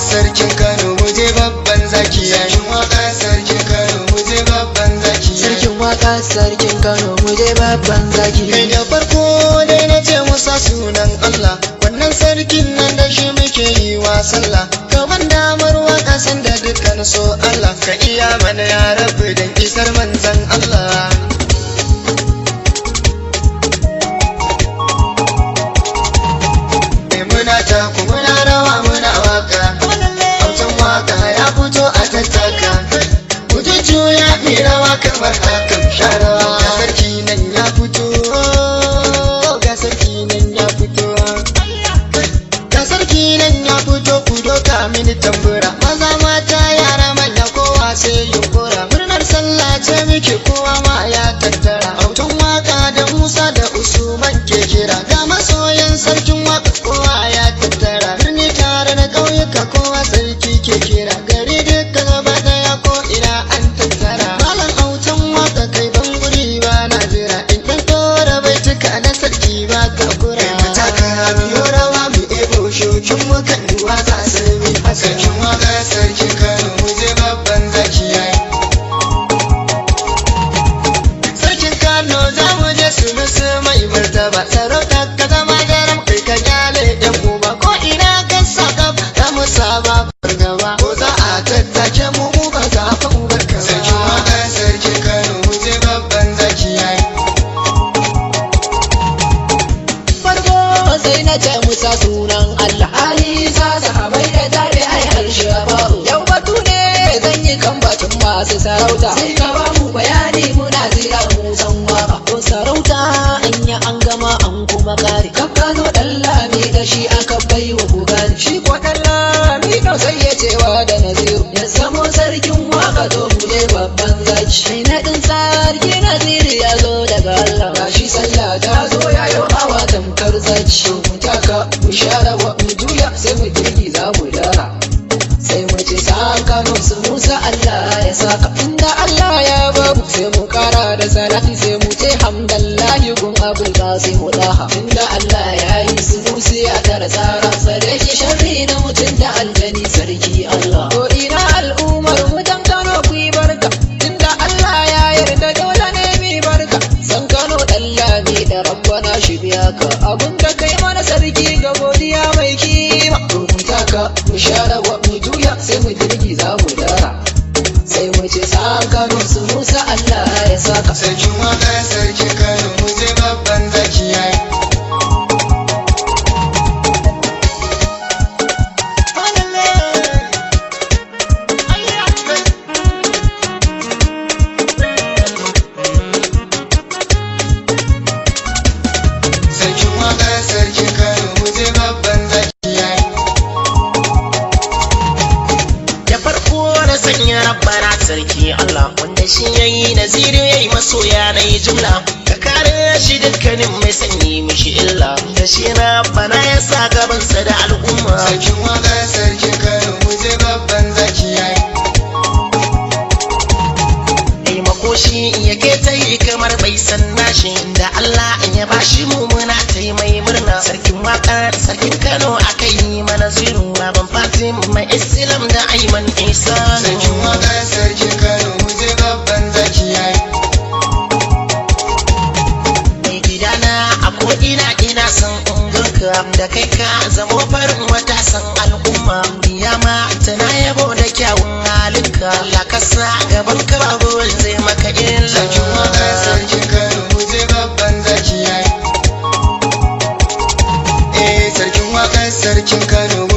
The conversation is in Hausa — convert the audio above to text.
sarkin Kano muje babban zaki sarkin waka sarkin Kano muje babban zaki sarkin waka sarkin Kano muje babban zaki kai da farko dai na ce musa sunan Allah wannan sarkin nan da shi muke yi wa sallah ka ban damar waka san da dukkan so Allah ka iya mana ya rabu dan isar manzon Allah ce miki kowa ma ya tattara Autun waka da Musa da Usman ke kira Ga masoyan sarkin waka kowa ya tattara Birni tare da ƙauyuka kowa sarki ke kira Gari dukkan gaba daya ko ina an tattara Malam autan waka kai ban guri ba na jira In ɗan bai cika na sarki ba ka kura. Ka taka rawa mu ebo shokin muka sarauta sai ka mu bayani muna zira mu san waka ko sarauta an yi an gama an kuma kare kan ka lami shi aka bai wa gogani shi ko dan lami sai ya cewa da naziru ya samo sarkin waka to mu je babban zaci. sai na sarki naziru ya zo daga Allah gashi sallah ta zo ya yau awa tamkar zaki mu taka mu share wa mu juya sai mu girgi za mu dara sai mu ce saka musu Musa Allah ya saka inda Allah ya ba babu sai mu kara da salati sai mu ce hamdallahi gun abul qasim daha inda Allah ya yi su. sai a tara tsara sare shi sharri na mutun da aljani sarki Allah ko ina al'ummar mu dan Kano ku yi barka inda Allah ya yarda dole ne mi barka san Kano dan lami da rabbana shi biya ka abun da kai mana sarki ga godiya mai kima ko mutaka. mu share wa mu juya sai mu jirgi za mu da ce saka kano su musa Allah ya saka sarkin waka sarki kano muje je babban zakiya Sarkin Thank you. wanda shi yayi naziru yayi masoya na yi jumla ka kare shi dukkanin mai sanyi mushi illa da shi na bana ya sa gabansa da al'umma sarkin waka sarkin kano muje babban zaki yayi ai makoshi ya ke ta yi kamar bai san nashi da Allah in ya bashi mu muna ta mai murna sarkin waka sarkin kano akai mana zirin baban fatim mai islam da aiman isa da kai ka zamo farin matasan al'umma ma tana yabo da kyawun halinka Allah ka sa gaban ka babu zai maka illa sarkin waka sarkin kano muje babban zaki eh sarkin wakan sarkin kano